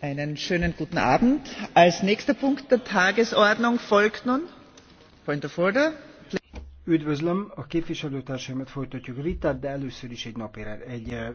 einen schönen guten abend. als nächster punkt der tagesordnung folgt nun point of order. üdvözlöm a képviselőtársaimat folytatjuk a vitát de először is egy napi egy